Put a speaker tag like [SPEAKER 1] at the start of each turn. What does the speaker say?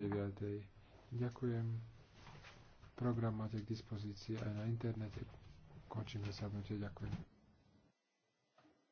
[SPEAKER 1] 9.
[SPEAKER 2] Ďakujem. Program máte k dispozícii aj na internete. Končím zasadnutie. Ďakujem.